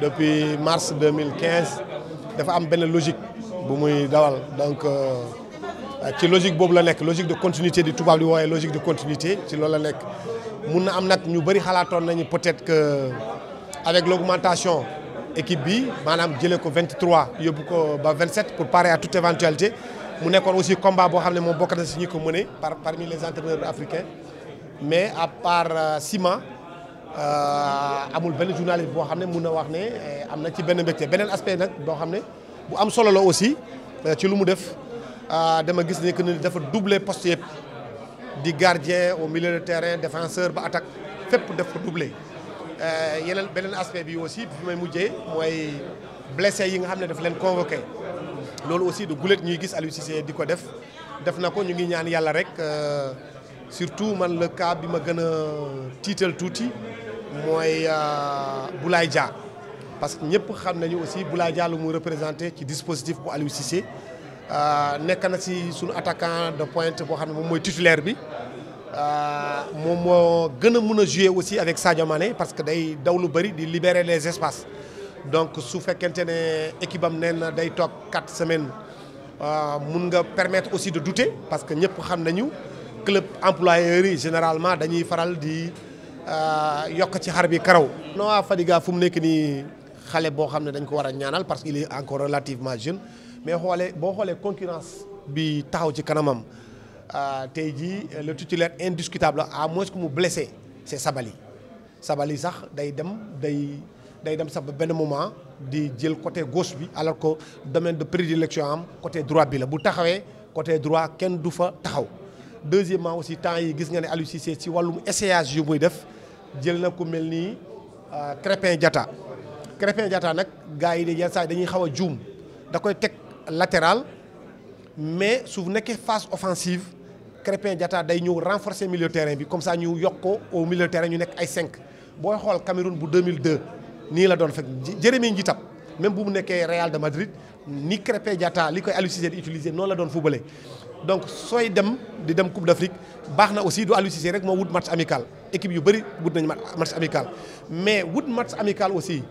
depuis mars 2015 y a une logique donc euh, logique la logique de continuité de tout le logique de continuité peut-être que avec l'augmentation équipe 23 27 pour parer à toute éventualité mu avons aussi combat pour parmi les entraîneurs africains mais à part euh, Sima euh, amul ben journaliste bo xamné wax né il eh, ci benn benen aspect nak bo bu aussi eh, ci lu mu def euh, dama gis poste di gardien au milieu de terrain défenseur ba attaque euh, def ko doubler aspect aussi may surtout man le cas bi ma gëna titel touti moy mooy euh, Dia parce que ñëpp xam nañu aussi Boulaydia Dia lu mu représenter ci dispositif bu Aliou Cissé euh, nek na ci sun attaquant de pointe bo xamne ne moy titulaire bi euh mom mo gëna mëna jouer aussi avec Sadio Mané parce que day daw lu di libérer les espaces donc su fekkente né équipe am nee day tok quatre semaines on euh, nga permettre aussi de douter parce que ñëpp xam nañu club employeurs généralement dañuy faral di euh yok ci xarbi bi karaw. Noah Fadiga fum nek ni xalé bo boo dañ ko wara ñaanal parce qu'il est encore relativement jeune mais xolé bo xolé concurrence bi taw ci kanamam euh, tey ji le titulaire indiscutable à moins que mu blessé c'est Sabali Sabali sax day dem day day dem sax ben moment di jël côté gauche bi alors que domaine de prédilection am côté droit bi la bu taxawé côté droit ken du fa taxaw deuxièmement aussi temps yi gis nga né Aliou Cissé ci walum essayage yu muy def jël na ko melni euh, Crépin Diatta Crépin Diatta nak gaay yi yenn saa dañuy xawa a da koy tek latéral mais su nekkee face offensive Crépin Diatta day ñeu renforcer milieu terrain bi comme ça ñu yokko au milieu terrain ñu nekk ay 5. boy xol Cameroun bu 2002 ni la don fek Jérémy Njitap même bu mu nekkee Real de Madrid ni Krépin Diatta li koy Aliou Cissé utiliser non la doon footballé donc soy dem di dem Coupe d'Afrique baxna aussi du Aliou rek mo wout match amical équipe yu bëri wout nañu match amical mais wout match amical aussi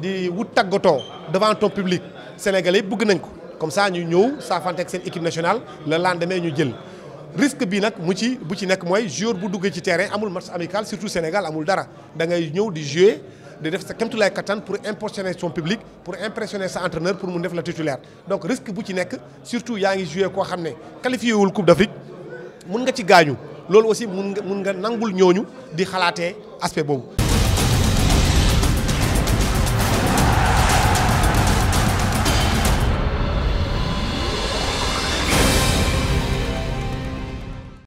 di wout tagoto devant ton public sénégalais bëgg nañ ko comme ça ñu ñëw saafante ak sen équipe nationale le lendemain ñu jël risque bi nak mu ci bu ci nek moy joueur bu dugg ci terrain amul match amical surtout Sénégal amul dara da ngay ñëw di jouer de def sa kéemtulaay kattan pour impressionner son public pour impressionner son entraîneur pour mu def la titulaire donc risque bu ci surtout yaa ngi joué quoi xam ne qualifié Coupe d'Afrique mun nga ci gaañu aussi mun nga mun nga nangul ñooñu di aspect